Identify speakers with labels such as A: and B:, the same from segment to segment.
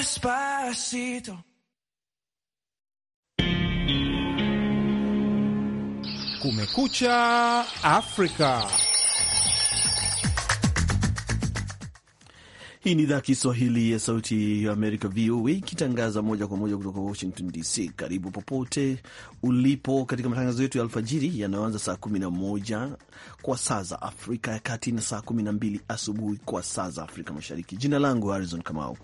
A: Despacito.
B: Kumekucha Afrika.
A: Hii ni idhaa Kiswahili ya Sauti ya Amerika, VOA, ikitangaza moja kwa moja kutoka Washington DC. Karibu popote ulipo katika matangazo yetu ya alfajiri yanayoanza saa 11 kwa saa za Afrika ya Kati na saa 12 asubuhi kwa saa za Afrika Mashariki. Jina langu Harrison Kamau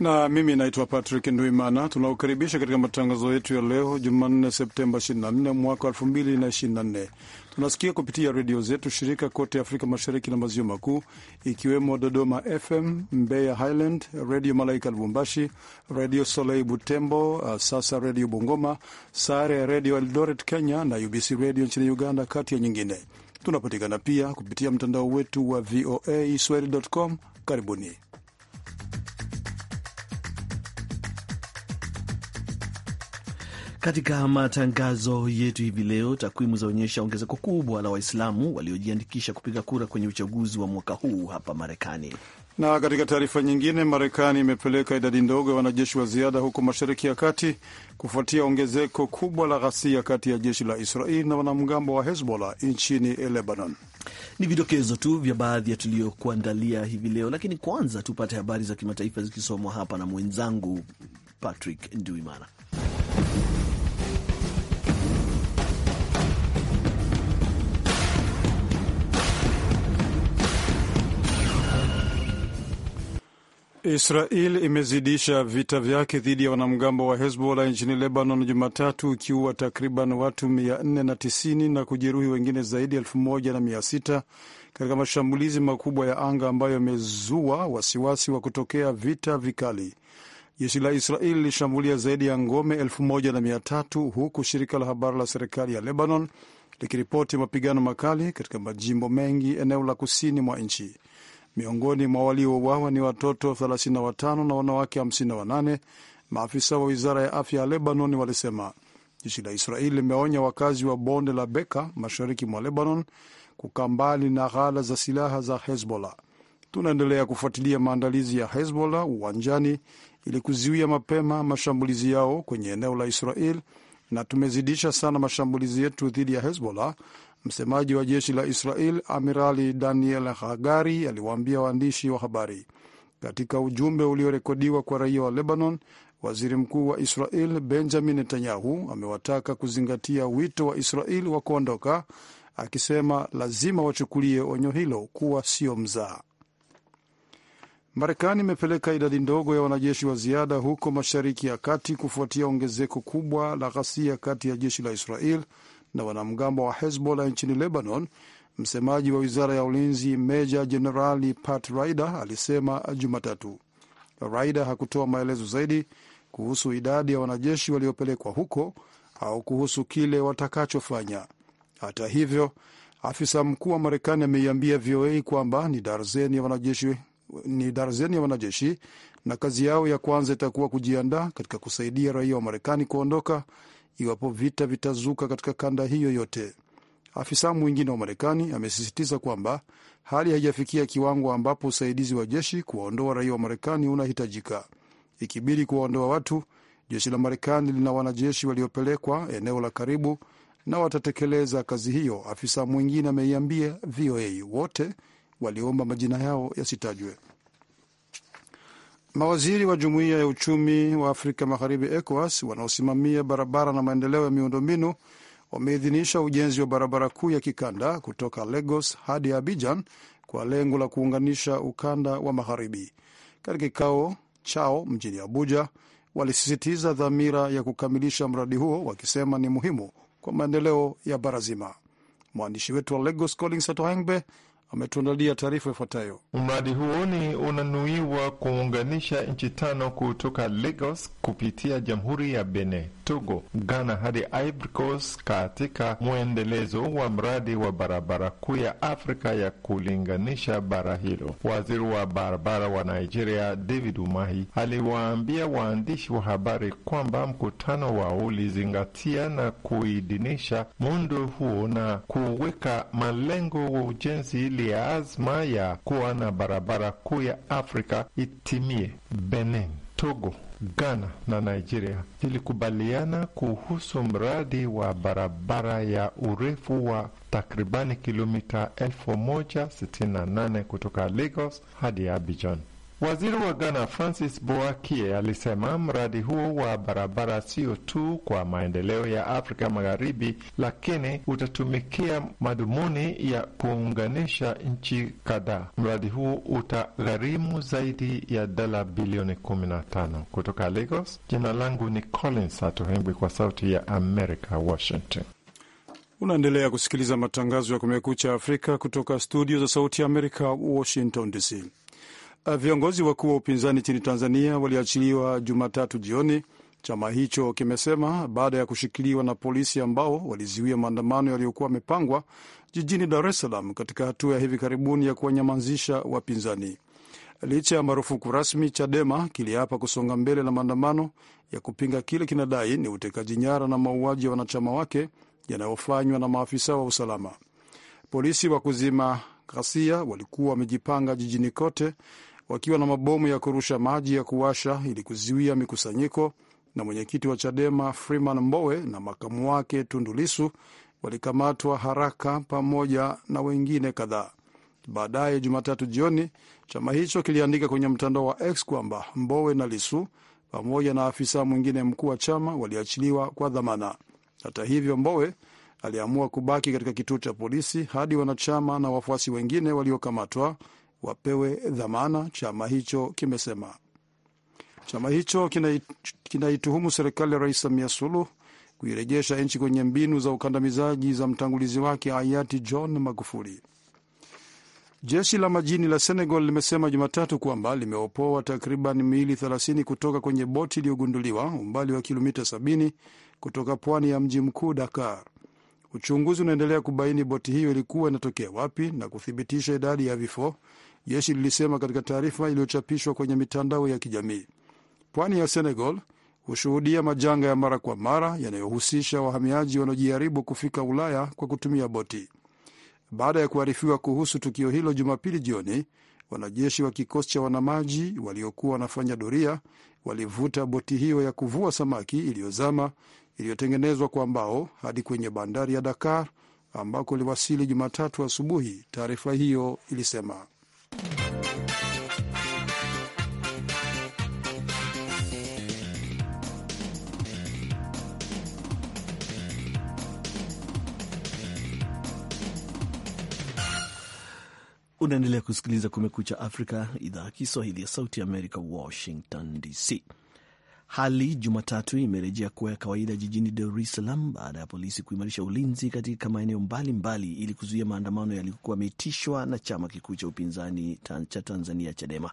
C: na mimi naitwa Patrick Nduimana. Tunakukaribisha katika matangazo yetu ya leo Jumanne, Septemba 24 mwaka 2024. Tunasikia kupitia redio zetu shirika kote Afrika Mashariki na Maziwa Makuu, ikiwemo Dodoma FM, Mbeya Highland, Redio Malaika Lubumbashi, Redio Solei Butembo, uh, sasa Redio Bungoma, Sare ya Redio Eldoret Kenya na UBC Redio nchini Uganda, kati ya nyingine. Tunapatikana pia kupitia mtandao wetu wa VOA Swahili.com. Karibuni.
A: Katika matangazo yetu hivi leo, takwimu zaonyesha ongezeko kubwa la Waislamu waliojiandikisha kupiga kura kwenye uchaguzi wa mwaka huu hapa Marekani.
C: Na katika taarifa nyingine, Marekani imepeleka idadi ndogo ya wanajeshi wa ziada huko Mashariki ya Kati kufuatia ongezeko kubwa la ghasia kati ya jeshi la israel na wanamgambo wa Hezbollah nchini Lebanon.
A: Ni vidokezo tu vya baadhi ya tuliyokuandalia hivi leo, lakini kwanza tupate habari za kimataifa zikisomwa hapa na mwenzangu Patrick Nduimana.
C: Israel imezidisha vita vyake dhidi ya wanamgambo wa Hezbollah nchini Lebanon Jumatatu, ikiua takriban watu 490 na kujeruhi wengine zaidi ya 1600 katika mashambulizi makubwa ya anga ambayo yamezua wasiwasi wa kutokea vita vikali. Jeshi la israel lilishambulia zaidi ya ngome 1300 huku shirika la habari la serikali ya Lebanon likiripoti mapigano makali katika majimbo mengi eneo la kusini mwa nchi. Miongoni mwa waliouawa ni watoto 35 na wanawake 58, maafisa wa wizara ya afya ya Lebanon walisema. Jeshi la Israeli limeonya wakazi wa bonde la Beka mashariki mwa Lebanon kukaa mbali na ghala za silaha za Hezbollah. Tunaendelea kufuatilia maandalizi ya Hezbollah uwanjani ili kuzuia mapema mashambulizi yao kwenye eneo la Israel, na tumezidisha sana mashambulizi yetu dhidi ya Hezbollah Msemaji wa jeshi la Israel Amirali Daniel Hagari aliwaambia waandishi wa habari katika ujumbe uliorekodiwa kwa raia wa Lebanon. Waziri mkuu wa Israel Benjamin Netanyahu amewataka kuzingatia wito wa Israel wa kuondoka, akisema lazima wachukulie onyo hilo kuwa sio mzaa Marekani imepeleka idadi ndogo ya wanajeshi wa ziada huko Mashariki ya Kati kufuatia ongezeko kubwa la ghasia kati ya jeshi la Israel na wanamgambo wa Hezbollah nchini Lebanon. Msemaji wa wizara ya ulinzi meja jenerali Pat Ryder alisema Jumatatu. Ryder hakutoa maelezo zaidi kuhusu idadi ya wanajeshi waliopelekwa huko au kuhusu kile watakachofanya. Hata hivyo, afisa mkuu wa Marekani ameiambia VOA kwamba ni darzeni ya wanajeshi ni darzeni ya wanajeshi na kazi yao ya kwanza itakuwa kujiandaa katika kusaidia raia wa Marekani kuondoka iwapo vita vitazuka katika kanda hiyo yote. Afisa mwingine wa Marekani amesisitiza kwamba hali haijafikia kiwango ambapo usaidizi wa jeshi kuwaondoa raia wa Marekani unahitajika. Ikibidi kuwaondoa watu, jeshi la Marekani lina wanajeshi waliopelekwa eneo la karibu na watatekeleza kazi hiyo, afisa mwingine ameiambia VOA. Wote waliomba majina yao yasitajwe. Mawaziri wa Jumuiya ya Uchumi wa Afrika Magharibi, ECOWAS, wanaosimamia barabara na maendeleo ya miundombinu wameidhinisha ujenzi wa barabara kuu ya kikanda kutoka Lagos hadi Abidjan kwa lengo la kuunganisha ukanda wa magharibi. Katika kikao chao mjini Abuja, walisisitiza dhamira ya kukamilisha mradi huo, wakisema ni muhimu kwa maendeleo ya bara zima. Mwandishi wetu wa Lagos, Collins Atohengbe, ametuandalia taarifa ifuatayo.
D: Mradi huo ni unanuiwa kuunganisha nchi tano kutoka Lagos kupitia Jamhuri ya Benin. Togo, Ghana hadi Ivory Coast katika mwendelezo wa mradi wa barabara kuu ya Afrika ya kulinganisha bara hilo. Waziri wa barabara wa Nigeria David Umahi aliwaambia waandishi wa habari kwamba mkutano wao ulizingatia na kuidhinisha muundo huo na kuweka malengo wa ujenzi ili ya azma ya kuwa na barabara kuu ya Afrika itimie. Benin, Togo, Ghana na Nigeria zilikubaliana kuhusu mradi wa barabara ya urefu wa takribani kilomita 1068 kutoka Lagos hadi Abidjan. Waziri wa Ghana Francis Boakie alisema mradi huo wa barabara sio tu kwa maendeleo ya Afrika Magharibi, lakini utatumikia madhumuni ya kuunganisha nchi kadhaa. Mradi huo utagharimu zaidi ya dola bilioni 15. Kutoka Lagos, jina langu ni Collins Atohengwi, kwa Sauti ya America, Washington.
C: Unaendelea kusikiliza matangazo ya Kumekucha Afrika kutoka studio za Sauti ya America, Washington DC. Uh, viongozi wakuu wa upinzani nchini Tanzania waliachiliwa Jumatatu jioni, chama hicho kimesema baada ya kushikiliwa na polisi ambao walizuia maandamano yaliyokuwa yamepangwa jijini Dar es Salaam katika hatua ya hivi karibuni ya kuwanyamazisha wapinzani. Licha ya marufuku rasmi, Chadema kiliapa kusonga mbele na maandamano ya kupinga kile kinadai ni utekaji nyara na mauaji ya wanachama wake yanayofanywa na maafisa wa usalama. Polisi wa kuzima ghasia walikuwa wamejipanga jijini kote wakiwa na mabomu ya kurusha maji ya kuwasha ili kuzuia mikusanyiko, na mwenyekiti wa Chadema Freeman Mbowe na makamu wake tundulisu walikamatwa haraka pamoja na wengine kadhaa. Baadaye Jumatatu jioni, chama hicho kiliandika kwenye mtandao wa X kwamba Mbowe na Lisu pamoja na afisa mwingine mkuu wa chama waliachiliwa kwa dhamana. Hata hivyo, Mbowe aliamua kubaki katika kituo cha polisi hadi wanachama na wafuasi wengine waliokamatwa wapewe dhamana, chama hicho kimesema. Chama hicho kinaituhumu serikali ya Rais Samia Suluhu kuirejesha nchi kwenye mbinu za ukandamizaji za mtangulizi wake hayati John Magufuli. Jeshi la majini la Senegal limesema Jumatatu kwamba limeopoa takriban miili 30 kutoka kwenye boti iliyogunduliwa umbali wa kilomita 70 kutoka pwani ya mji mkuu Dakar. Uchunguzi unaendelea kubaini boti hiyo ilikuwa inatokea wapi na kuthibitisha idadi ya vifo, jeshi lilisema katika taarifa iliyochapishwa kwenye mitandao ya kijamii. Pwani ya Senegal hushuhudia majanga ya mara kwa mara yanayohusisha wahamiaji wanaojaribu kufika Ulaya kwa kutumia boti. Baada ya kuarifiwa kuhusu tukio hilo Jumapili jioni, wanajeshi wa kikosi cha wanamaji waliokuwa wanafanya doria walivuta boti hiyo ya kuvua samaki iliyozama iliyotengenezwa kwa mbao hadi kwenye bandari ya Dakar ambako iliwasili Jumatatu asubuhi, taarifa hiyo ilisema.
A: Unaendelea kusikiliza Kumekucha Afrika, idhaa ya Kiswahili ya Sauti Amerika, Washington DC. Hali Jumatatu imerejea kuwa ya kawaida jijini Dar es Salaam baada ya polisi kuimarisha ulinzi katika maeneo mbalimbali ili kuzuia maandamano yaliyokuwa ameitishwa na chama kikuu cha upinzani cha Tanzania, Chadema.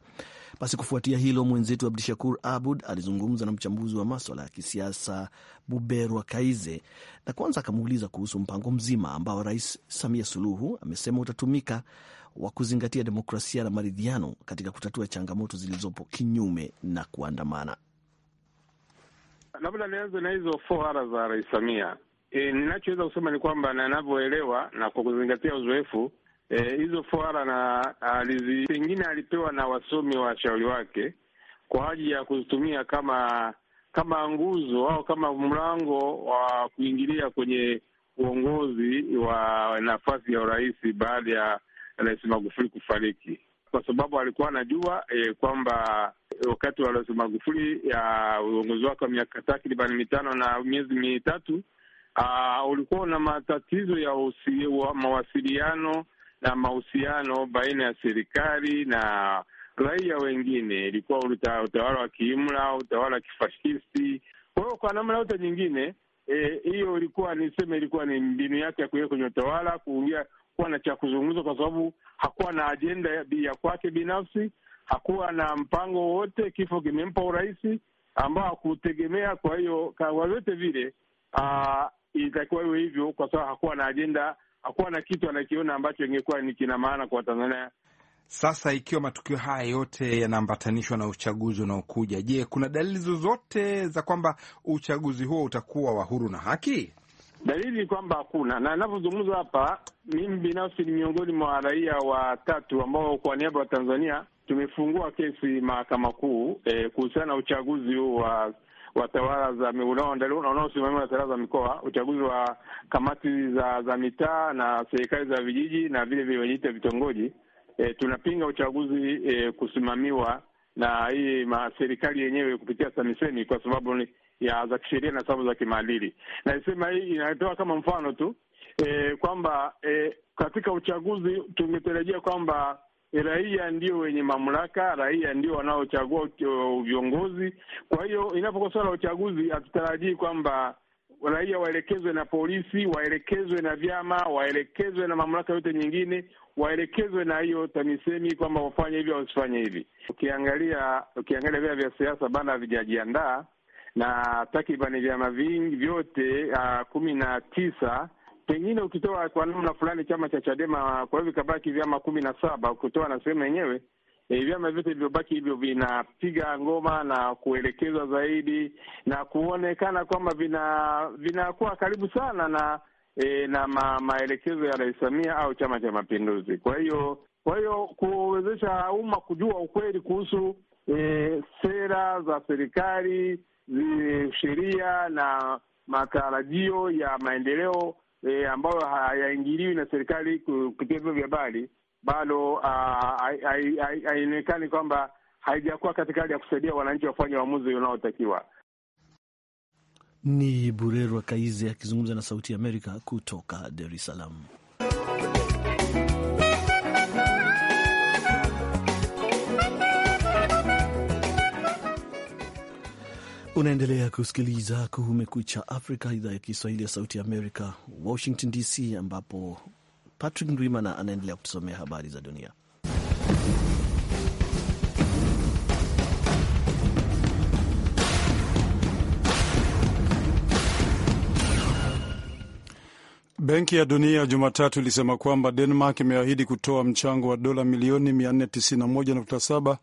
A: Basi kufuatia hilo, mwenzetu Abdu Shakur Abud alizungumza na mchambuzi wa maswala ya kisiasa Buberwa Kaize, na kwanza akamuuliza kuhusu mpango mzima ambao Rais Samia Suluhu amesema utatumika wa kuzingatia demokrasia na maridhiano katika kutatua changamoto zilizopo kinyume na kuandamana.
B: Labda nianze na hizo 4 za Rais Samia. E, ninachoweza kusema ni kwamba nanavyoelewa na kwa kuzingatia uzoefu e, hizo fuara na alizi, pengine alipewa na wasomi wa washauri wake kwa ajili ya kuzitumia kama kama nguzo au kama mlango wa kuingilia kwenye uongozi wa nafasi ya urais baada ya Rais Magufuli kufariki, kwa sababu alikuwa anajua e, kwamba wakati wa Rais Magufuli ya uongozi wake wa miaka takriban mitano na miezi mitatu ulikuwa una matatizo ya usi, wa, mawasiliano na mahusiano baina ya serikali na raia wengine. Ilikuwa utawala wa kiimla, utawala wa kifashisti. Kwa hiyo kwa namna yote nyingine e, hiyo, e, ilikuwa niseme, ilikuwa ni mbinu yake ya kuingia kwenye utawala, kuingia hakuwa na cha kuzungumza, kwa sababu hakuwa na ajenda ya kwake binafsi, hakuwa na mpango wowote. Kifo kimempa urais ambao hakutegemea. Kwa hiyo kwa vyote vile ilitakiwa ah, iwe hivyo, kwa sababu hakuwa na ajenda, hakuwa na kitu anakiona ambacho ingekuwa ni kina maana kwa Tanzania. Sasa ikiwa matukio haya yote yanaambatanishwa na uchaguzi unaokuja, je, kuna dalili zozote za kwamba uchaguzi huo utakuwa wa huru na haki? Dalili ni kwamba hakuna, na ninavyozungumza hapa, mimi binafsi ni miongoni mwa raia watatu ambao kwa niaba ya Tanzania tumefungua kesi mahakama kuu e, kuhusiana na uchaguzi huu wa wa tawala za unaosimamiwa na tawala za mikoa, uchaguzi wa kamati za za mitaa na serikali za vijiji na vile vile wenyeita vitongoji. E, tunapinga uchaguzi e, kusimamiwa na hii serikali yenyewe kupitia TAMISEMI kwa sababu ni ya za kisheria na sababu za kimaadili. Naisema hii inatoa kama mfano tu e, kwamba e, katika uchaguzi tungetarajia kwamba e, raia ndio wenye mamlaka, raia ndio wanaochagua viongozi. Kwa hiyo inapokuwa suala la uchaguzi, hatutarajii kwamba raia waelekezwe na polisi, waelekezwe na vyama, waelekezwe na mamlaka yote nyingine, waelekezwe na hiyo TAMISEMI kwamba wafanye hivi au wasifanye hivi. Ukiangalia ukiangalia vyama vya siasa bana havijajiandaa na takriban vyama vingi vyote uh, kumi na tisa pengine ukitoa kwa namna fulani chama cha Chadema, kwa hivyo ikabaki vyama kumi na saba ukitoa na sehemu yenyewe E, vyama vyote vilivyobaki hivyo vinapiga ngoma na kuelekezwa zaidi na kuonekana kwamba vina vinakuwa karibu sana na e, na ma, maelekezo ya Rais Samia au Chama cha Mapinduzi. Kwa hiyo kwa hiyo kuwezesha umma kujua ukweli kuhusu e, sera za serikali, e, sheria na matarajio ya maendeleo e, ambayo hayaingiliwi na serikali kupitia vyombo vya habari, bado haionekani kwamba haijakuwa katika hali ya kusaidia wananchi wafanye uamuzi unaotakiwa.
A: Ni Burerwa Kaize akizungumza na Sauti ya Amerika kutoka Dar es Salaam. Unaendelea kusikiliza Kumekucha Afrika, idhaa ya Kiswahili ya Sauti ya Amerika, Washington DC, ambapo Patrick Ndwimana anaendelea kutusomea habari za dunia.
C: Benki ya Dunia Jumatatu ilisema kwamba Denmark imeahidi kutoa mchango wa dola milioni 491.7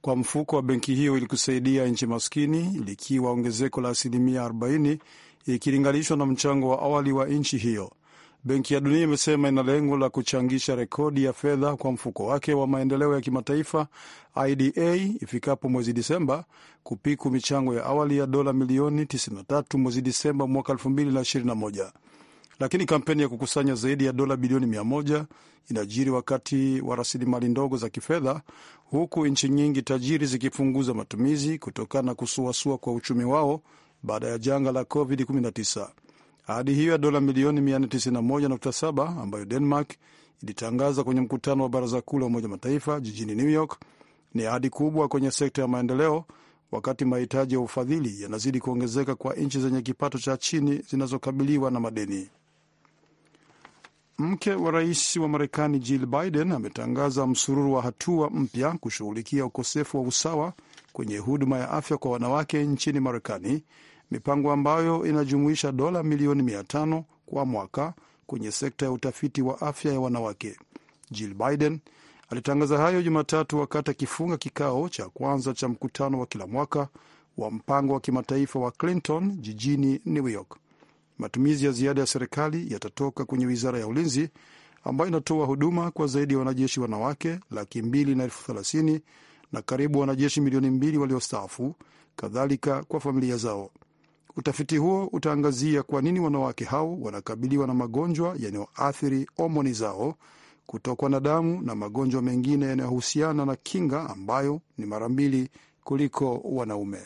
C: kwa mfuko wa benki hiyo ili kusaidia nchi maskini, likiwa ongezeko la asilimia 40 ikilinganishwa na mchango wa awali wa nchi hiyo. Benki ya Dunia imesema ina lengo la kuchangisha rekodi ya fedha kwa mfuko wake wa maendeleo ya kimataifa IDA ifikapo mwezi Disemba, kupiku michango ya awali ya dola milioni 93 mwezi Disemba mwaka 2021 lakini kampeni ya kukusanya zaidi ya dola bilioni mia moja inajiri wakati wa rasilimali ndogo za kifedha, huku nchi nyingi tajiri zikipunguza matumizi kutokana na kusuasua kwa uchumi wao baada ya janga la COVID-19. Ahadi hiyo ya dola milioni 491.7 ambayo Denmark ilitangaza kwenye mkutano wa baraza kuu la Umoja Mataifa jijini New York ni ahadi kubwa kwenye sekta ya maendeleo, wakati mahitaji ya ufadhili yanazidi kuongezeka kwa nchi zenye kipato cha chini zinazokabiliwa na madeni. Mke wa rais wa Marekani Jill Biden ametangaza msururu wa hatua mpya kushughulikia ukosefu wa usawa kwenye huduma ya afya kwa wanawake nchini Marekani, mipango ambayo inajumuisha dola milioni mia tano kwa mwaka kwenye sekta ya utafiti wa afya ya wanawake. Jill Biden alitangaza hayo Jumatatu wakati akifunga kikao cha kwanza cha mkutano wa kila mwaka wa mpango wa kimataifa wa Clinton jijini New York. Matumizi ya ziada ya serikali yatatoka kwenye wizara ya ulinzi ambayo inatoa huduma kwa zaidi ya wanajeshi wanawake laki mbili na elfu thelathini na karibu wanajeshi milioni mbili waliostaafu, kadhalika kwa familia zao. Utafiti huo utaangazia kwa nini wanawake hao wanakabiliwa na magonjwa yanayoathiri homoni zao, kutokwa na damu na magonjwa mengine yanayohusiana na kinga ambayo ni mara mbili kuliko wanaume.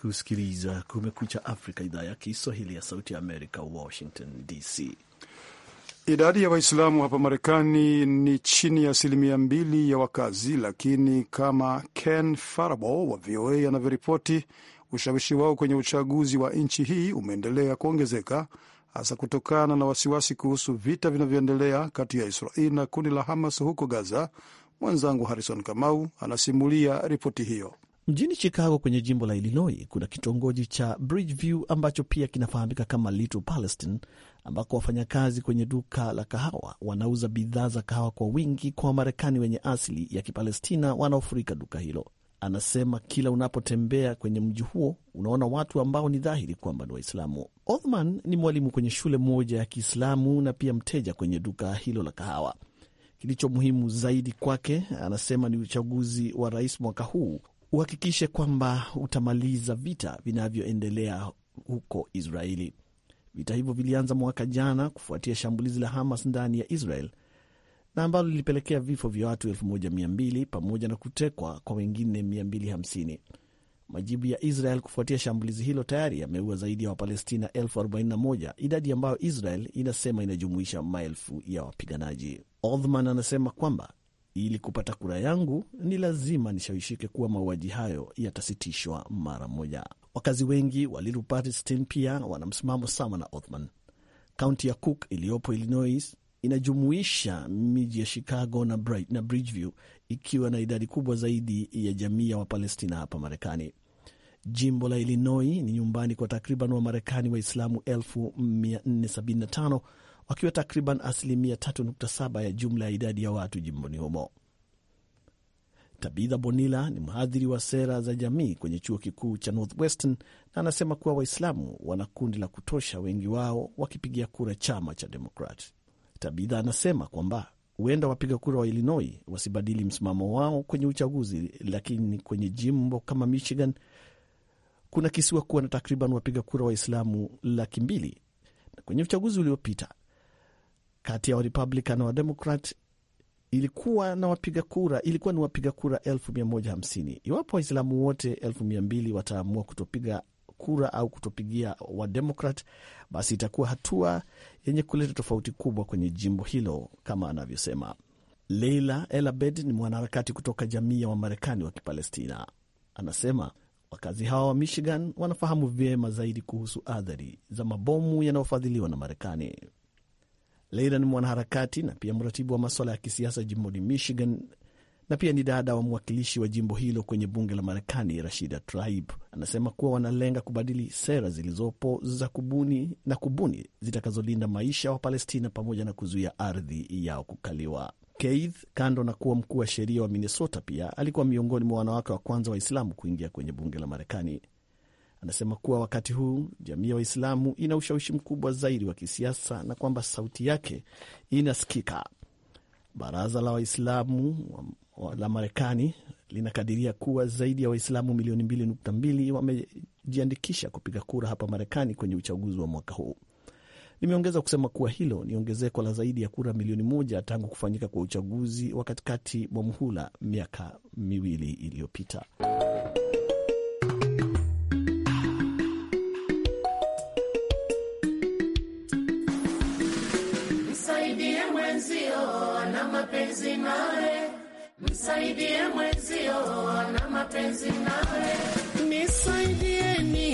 A: kusikiliza Kumekucha Afrika, idhaa ya Kiswahili ya Sauti ya Amerika, Washington DC.
C: Idadi ya Waislamu hapa Marekani ni chini ya asilimia mbili ya wakazi, lakini kama Ken Farabo wa VOA anavyoripoti, ushawishi wao kwenye uchaguzi wa nchi hii umeendelea kuongezeka, hasa kutokana na wasiwasi kuhusu vita vinavyoendelea kati ya israel na kundi la Hamas huko Gaza. Mwenzangu Harrison Kamau anasimulia ripoti hiyo.
A: Mjini Chicago kwenye jimbo la Illinois kuna kitongoji cha Bridgeview ambacho pia kinafahamika kama Little Palestine, ambako wafanyakazi kwenye duka la kahawa wanauza bidhaa za kahawa kwa wingi kwa Wamarekani wenye asili ya Kipalestina wanaofurika duka hilo. Anasema kila unapotembea kwenye mji huo unaona watu ambao ni dhahiri kwamba ni Waislamu. Othman ni mwalimu kwenye shule moja ya Kiislamu na pia mteja kwenye duka hilo la kahawa. Kilicho muhimu zaidi kwake, anasema ni uchaguzi wa rais mwaka huu uhakikishe kwamba utamaliza vita vinavyoendelea huko Israeli. Vita hivyo vilianza mwaka jana kufuatia shambulizi la Hamas ndani ya Israel na ambalo lilipelekea vifo vya watu 1200 pamoja na kutekwa kwa wengine 250. Majibu ya Israel kufuatia shambulizi hilo tayari yameua zaidi ya Wapalestina 41, idadi ambayo Israel inasema inajumuisha maelfu ya wapiganaji. Othman anasema kwamba ili kupata kura yangu, ni lazima nishawishike kuwa mauaji hayo yatasitishwa mara moja. Wakazi wengi wa Little Palestine pia wana msimamo sawa na Othman. Kaunti ya Cook iliyopo Illinois inajumuisha miji ya Chicago na, Bright, na Bridgeview ikiwa na idadi kubwa zaidi ya jamii ya Wapalestina hapa Marekani. Jimbo la Illinois ni nyumbani kwa takriban Wamarekani Waislamu 475 wakiwa takriban asilimia 3.7 ya jumla ya idadi ya watu jimboni humo. Tabitha Bonilla ni mhadhiri wa sera za jamii kwenye chuo kikuu cha Northwestern na anasema kuwa Waislamu wana kundi la kutosha, wengi wao wakipigia kura chama cha Demokrat. Tabitha anasema kwamba huenda wapiga kura wa Illinois wasibadili msimamo wao kwenye uchaguzi, lakini kwenye jimbo kama Michigan kuna kisiwa kuwa na takriban wapiga kura Waislamu laki mbili na kwenye uchaguzi uliopita kati ya Warepublican na Wademokrat ilikuwa na wapiga kura ilikuwa ni wapiga kura elfu mia moja hamsini. Iwapo Waislamu wote elfu mia mbili wataamua kutopiga kura au kutopigia Wademokrat, basi itakuwa hatua yenye kuleta tofauti kubwa kwenye jimbo hilo, kama anavyosema Leila Elabed. Ni mwanaharakati kutoka jamii ya Wamarekani wa Kipalestina. Anasema wakazi hawa wa Michigan wanafahamu vyema zaidi kuhusu athari za mabomu yanayofadhiliwa na Marekani. Leila ni mwanaharakati na pia mratibu wa maswala ya kisiasa jimboni Michigan, na pia ni dada wa mwakilishi wa jimbo hilo kwenye bunge la Marekani, Rashida Tlaib. Anasema kuwa wanalenga kubadili sera zilizopo za kubuni na kubuni zitakazolinda maisha wa Palestina pamoja na kuzuia ardhi yao kukaliwa. Keith, kando na kuwa mkuu wa sheria wa Minnesota, pia alikuwa miongoni mwa wanawake wa kwanza Waislamu kuingia kwenye bunge la Marekani. Anasema kuwa wakati huu jamii ya Waislamu ina ushawishi mkubwa zaidi wa kisiasa na kwamba sauti yake inasikika. Baraza la Waislamu la Marekani linakadiria kuwa zaidi ya Waislamu milioni 2.2 wamejiandikisha kupiga kura hapa Marekani kwenye uchaguzi wa mwaka huu. Limeongeza kusema kuwa hilo ni ongezeko la zaidi ya kura milioni moja tangu kufanyika kwa uchaguzi wa katikati mwa muhula miaka miwili iliyopita.
E: mapenzi nawe, msaidie
D: mwezio ana mapenzi nawe, nisaidieni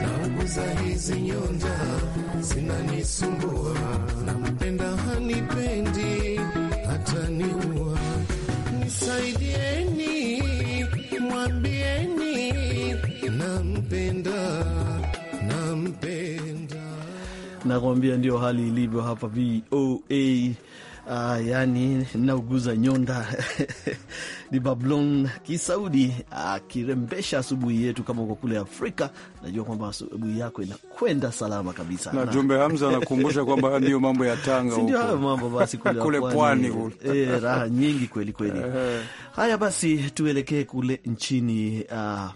D: nauguza hizi nyonja zinanisumbua, nampenda hanipendi hata niua. Nisaidieni, mwambieni nampenda,
A: nampenda. Nakwambia ndio hali ilivyo hapa VOA Uh, yani nauguza nyonda ni Bablon Kisaudi akirembesha uh, asubuhi yetu. Kama uko kule Afrika, najua kwamba asubuhi yako inakwenda salama kabisa, na Jumbe Hamza anakumbusha kwamba ndiyo mambo ya Tanga, si ndio hayo mambo basi kule, kule pwani e, raha nyingi kweli kweli. Haya basi tuelekee kule nchini uh,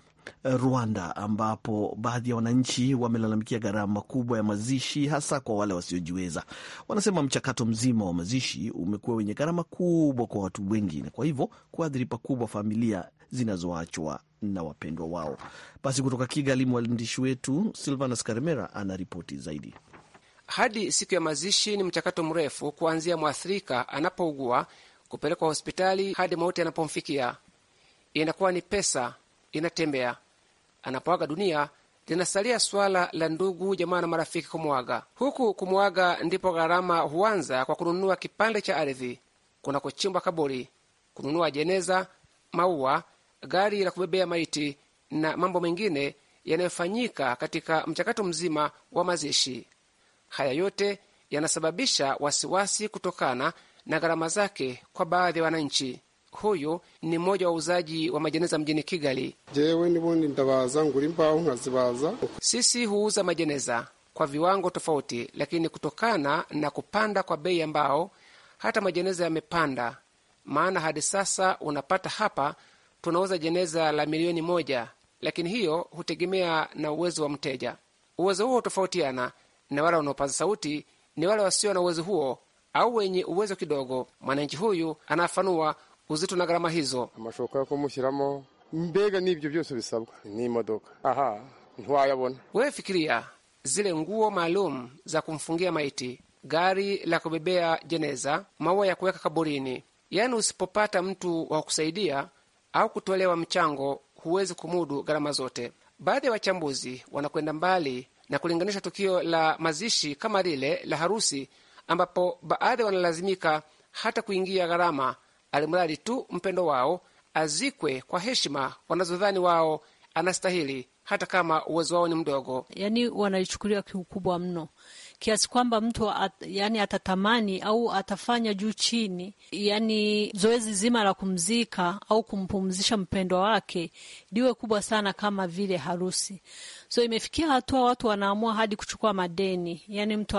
A: Rwanda, ambapo baadhi ya wananchi wamelalamikia gharama kubwa ya mazishi, hasa kwa wale wasiojiweza. Wanasema mchakato mzima wa mazishi umekuwa wenye gharama kubwa kwa watu wengi, na kwa hivyo kuathiri pakubwa familia zinazoachwa na wapendwa wao. Basi kutoka Kigali, mwandishi wetu Silvanus Karemera ana ripoti zaidi.
E: Hadi siku ya mazishi ni mchakato mrefu, kuanzia mwathirika anapougua kupelekwa hospitali hadi mauti yanapomfikia. Inakuwa ni pesa inatembea, anapoaga dunia, linasalia swala la ndugu, jamaa na marafiki kumwaga. Huku kumwaga ndipo gharama huanza kwa kununua kipande cha ardhi kuna kuchimbwa kaburi, kununua jeneza, maua, gari la kubebea maiti na mambo mengine yanayofanyika katika mchakato mzima wa mazishi. Haya yote yanasababisha wasiwasi kutokana na gharama zake kwa baadhi ya wananchi. Huyu ni mmoja wa uuzaji wa majeneza mjini Kigali. jewe nibundi ndabaza ngura imbaho nkazibaza. Sisi huuza majeneza kwa viwango tofauti, lakini kutokana na kupanda kwa bei ya mbao hata majeneza yamepanda, maana hadi sasa unapata hapa tunauza jeneza la milioni moja, lakini hiyo hutegemea na uwezo wa mteja. Uwezo huo hutofautiana, na wale wanaopaza sauti ni wale wasio na uwezo huo au wenye uwezo kidogo. Mwananchi huyu anafanua uzito na gharama hizo. amashoka yo kumushyiramo mbega n'ibyo byose bisabwa n'imodoka aha ntiwayabona. Wewe fikiria zile nguo maalum za kumfungia maiti, gari la kubebea jeneza, maua ya kuweka kaburini. Yaani, usipopata mtu wa kusaidia au kutolewa mchango, huwezi kumudu gharama zote. Baadhi ya wachambuzi wanakwenda mbali na kulinganisha tukio la mazishi kama lile la harusi, ambapo baadhi wanalazimika hata kuingia gharama alimradi tu mpendo wao azikwe kwa heshima wanazodhani wao anastahili, hata kama uwezo wao ni mdogo.
F: Yani wanaichukulia kiukubwa mno kiasi kwamba mtu at, yani atatamani au atafanya juu chini, yani zoezi zima la kumzika au kumpumzisha mpendwa wake liwe kubwa sana kama vile harusi. So imefikia hatua watu wanaamua hadi kuchukua madeni, yani mtu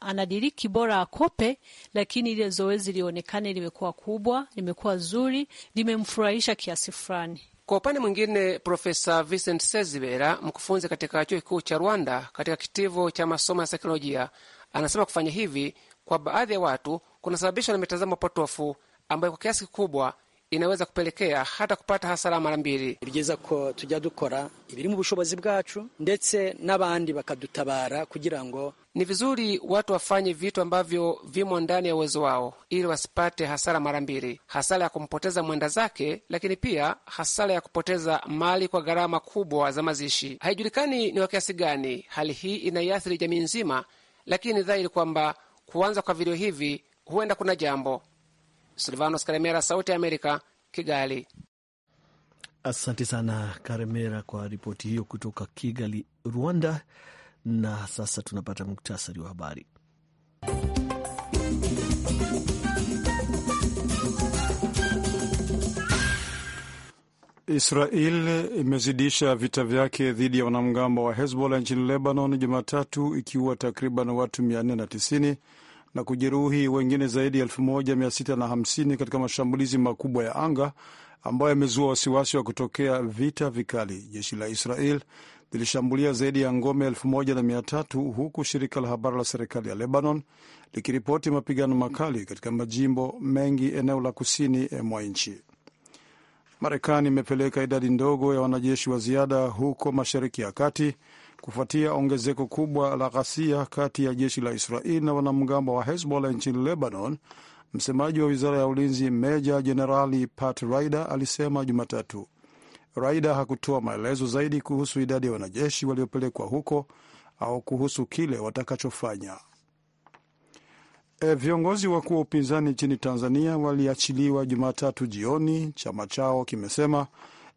F: anadiriki bora akope, lakini ile zoezi lionekane limekuwa kubwa, limekuwa zuri, limemfurahisha kiasi fulani.
E: Kwa upande mwingine, Profesa Vincent Sezibera, mkufunzi katika chuo kikuu cha Rwanda katika kitivo cha masomo ya saikolojia, anasema kufanya hivi kwa baadhi ya watu kunasababishwa na mitazamo potofu ambayo kwa kiasi kikubwa inaweza kupelekea hata kupata hasara mara mbili. Bigeza ko tujya dukora ibiri mu bushobozi bwacu ndetse n'abandi bakadutabara kugira ngo ni vizuri watu wafanye vitu ambavyo vimo ndani ya uwezo wao ili wasipate hasara mara mbili: hasara ya kumpoteza mwenda zake, lakini pia hasara ya kupoteza mali kwa gharama kubwa za mazishi. Haijulikani ni wa kiasi gani hali hii inaiathiri jamii nzima, lakini ni dhahiri kwamba kuanza kwa video hivi huenda kuna jambo Silvanos Karemera, Sauti ya Amerika, Kigali.
A: Asante sana Karemera kwa ripoti hiyo kutoka Kigali, Rwanda. Na sasa tunapata muktasari wa habari.
C: Israel imezidisha vita vyake dhidi ya wanamgambo wa Hezbollah nchini Lebanon Jumatatu, ikiua takriban watu 490 na kujeruhi wengine zaidi ya 1650 katika mashambulizi makubwa ya anga ambayo yamezua wasiwasi wa kutokea vita vikali. Jeshi la Israel lilishambulia zaidi ya ngome 1300 huku shirika la habari la serikali ya Lebanon likiripoti mapigano makali katika majimbo mengi eneo la kusini mwa nchi. Marekani imepeleka idadi ndogo ya wanajeshi wa ziada huko Mashariki ya Kati kufuatia ongezeko kubwa la ghasia kati ya jeshi la israel na wanamgambo wa Hezbollah nchini Lebanon. Msemaji wa wizara ya ulinzi meja jenerali Pat Ryder alisema Jumatatu. Ryder hakutoa maelezo zaidi kuhusu idadi ya wanajeshi waliopelekwa huko au kuhusu kile watakachofanya. E, viongozi wakuu wa upinzani nchini Tanzania waliachiliwa Jumatatu jioni, chama chao kimesema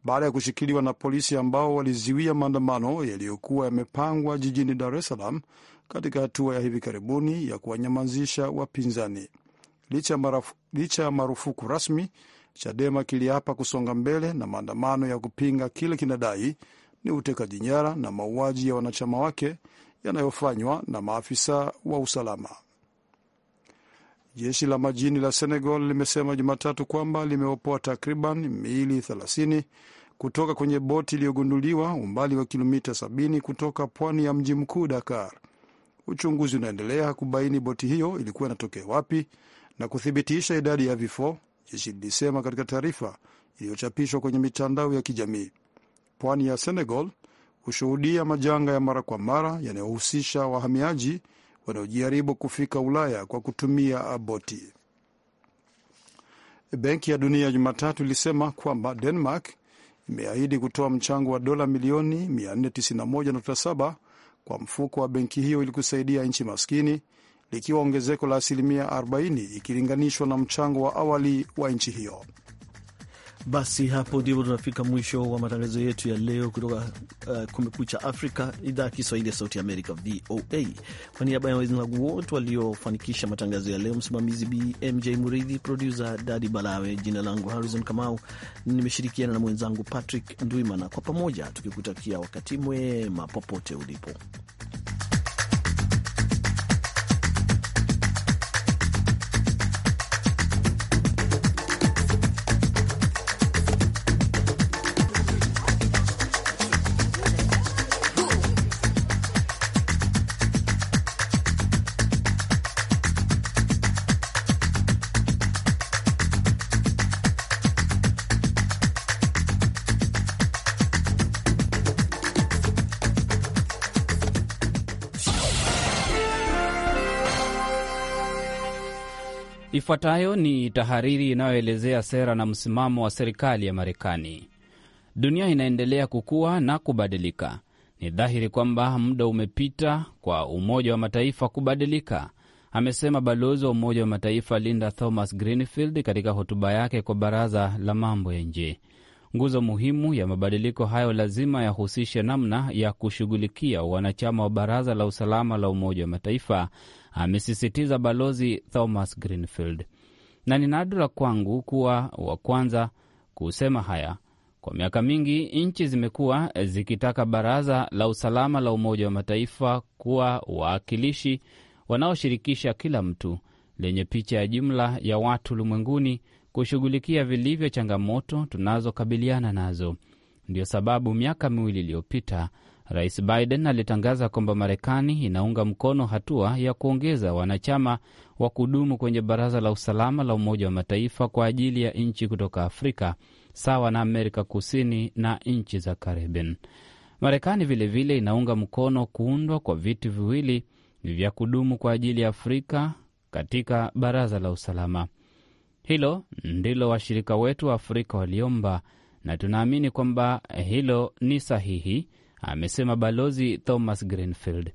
C: baada ya kushikiliwa na polisi ambao waliziwia maandamano yaliyokuwa yamepangwa jijini Dar es Salaam katika hatua ya hivi karibuni ya kuwanyamazisha wapinzani. Licha ya marufuku rasmi, Chadema kiliapa kusonga mbele na maandamano ya kupinga kile kinadai ni utekaji nyara na mauaji ya wanachama wake yanayofanywa na maafisa wa usalama. Jeshi la majini la Senegal limesema Jumatatu kwamba limeopoa takriban miili 30 kutoka kwenye boti iliyogunduliwa umbali wa kilomita 70 kutoka pwani ya mji mkuu Dakar. Uchunguzi unaendelea kubaini boti hiyo ilikuwa inatokea wapi na kuthibitisha idadi ya vifo, jeshi lilisema katika taarifa iliyochapishwa kwenye mitandao ya kijamii. Pwani ya Senegal hushuhudia majanga ya mara kwa mara yanayohusisha wahamiaji wanaojaribu kufika Ulaya kwa kutumia boti. Benki ya Dunia Jumatatu ilisema kwamba Denmark imeahidi kutoa mchango wa dola milioni 491.7 kwa mfuko wa benki hiyo ili kusaidia nchi maskini, likiwa ongezeko la asilimia 40 ikilinganishwa na mchango wa awali wa nchi hiyo.
A: Basi hapo ndipo tunafika mwisho wa matangazo yetu ya leo kutoka uh, Kumekucha Afrika, idhaa ya Kiswahili ya Sauti Amerika, VOA. Kwa niaba ya wenzangu wote waliofanikisha matangazo ya leo, msimamizi BMJ Muridhi, produsa Dadi Balawe, jina langu Harrison Kamau, nimeshirikiana na mwenzangu Patrick Ndwimana, kwa pamoja tukikutakia wakati mwema popote ulipo.
F: Ifuatayo ni tahariri inayoelezea sera na msimamo wa serikali ya Marekani. Dunia inaendelea kukua na kubadilika. Ni dhahiri kwamba muda umepita kwa Umoja wa Mataifa kubadilika, amesema balozi wa Umoja wa Mataifa Linda Thomas Greenfield katika hotuba yake kwa Baraza la Mambo ya Nje. Nguzo muhimu ya mabadiliko hayo lazima yahusishe namna ya kushughulikia wanachama wa Baraza la Usalama la Umoja wa Mataifa, amesisitiza Balozi Thomas Greenfield. Na ni nadra kwangu kuwa wa kwanza kusema haya. Kwa miaka mingi nchi zimekuwa zikitaka Baraza la Usalama la Umoja wa Mataifa kuwa wawakilishi wanaoshirikisha kila mtu lenye picha ya jumla ya watu ulimwenguni kushughulikia vilivyo changamoto tunazokabiliana nazo. ndio sababu miaka miwili iliyopita Rais Biden alitangaza kwamba Marekani inaunga mkono hatua ya kuongeza wanachama wa kudumu kwenye Baraza la Usalama la Umoja wa Mataifa kwa ajili ya nchi kutoka Afrika sawa na Amerika Kusini na nchi za Caribbean. Marekani vilevile inaunga mkono kuundwa kwa viti viwili vya kudumu kwa ajili ya Afrika katika Baraza la Usalama. Hilo ndilo washirika wetu wa Afrika waliomba na tunaamini kwamba hilo ni sahihi, amesema Balozi Thomas Greenfield.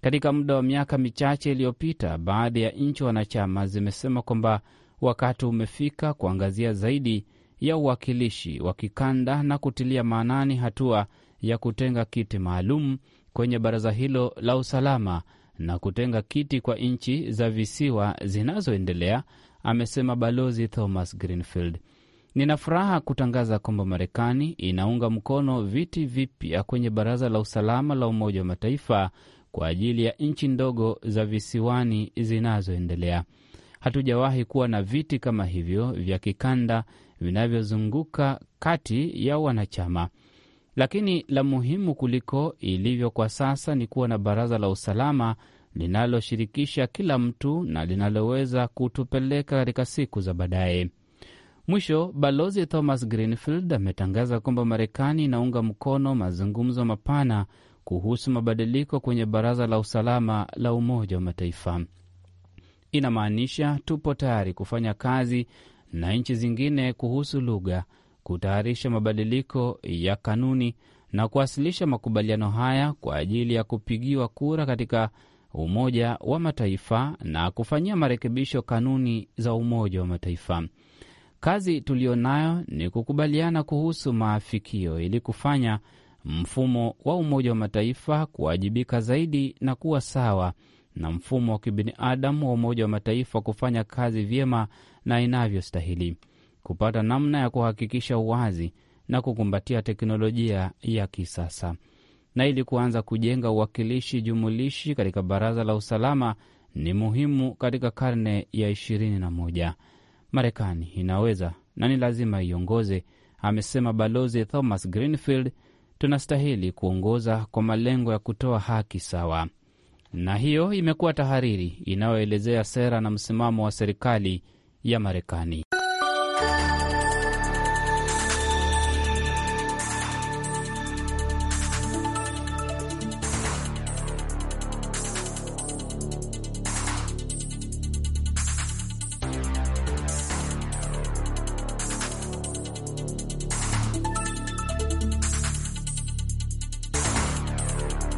F: Katika muda wa miaka michache iliyopita, baadhi ya nchi wanachama zimesema kwamba wakati umefika kuangazia zaidi ya uwakilishi wa kikanda na kutilia maanani hatua ya kutenga kiti maalum kwenye baraza hilo la usalama na kutenga kiti kwa nchi za visiwa zinazoendelea amesema Balozi Thomas Greenfield. Nina furaha kutangaza kwamba Marekani inaunga mkono viti vipya kwenye Baraza la Usalama la Umoja wa Mataifa kwa ajili ya nchi ndogo za visiwani zinazoendelea. Hatujawahi kuwa na viti kama hivyo vya kikanda vinavyozunguka kati ya wanachama, lakini la muhimu kuliko ilivyo kwa sasa ni kuwa na Baraza la Usalama linaloshirikisha kila mtu na linaloweza kutupeleka katika siku za baadaye. Mwisho, Balozi Thomas Greenfield ametangaza kwamba Marekani inaunga mkono mazungumzo mapana kuhusu mabadiliko kwenye Baraza la Usalama la Umoja wa Mataifa. Inamaanisha tupo tayari kufanya kazi na nchi zingine kuhusu lugha, kutayarisha mabadiliko ya kanuni na kuwasilisha makubaliano haya kwa ajili ya kupigiwa kura katika Umoja wa Mataifa na kufanyia marekebisho kanuni za Umoja wa Mataifa. Kazi nayo ni kukubaliana kuhusu maafikio ili kufanya mfumo wa Umoja wa Mataifa kuwajibika zaidi na kuwa sawa na mfumo wa kibinadamu wa Umoja wa Mataifa kufanya kazi vyema na inavyostahili, kupata namna ya kuhakikisha uwazi na kukumbatia teknolojia ya kisasa na ili kuanza kujenga uwakilishi jumulishi katika baraza la usalama ni muhimu katika karne ya ishirini na moja. Marekani inaweza na ni lazima iongoze, amesema Balozi Thomas Greenfield. Tunastahili kuongoza kwa malengo ya kutoa haki sawa. Na hiyo imekuwa tahariri inayoelezea sera na msimamo wa serikali ya Marekani.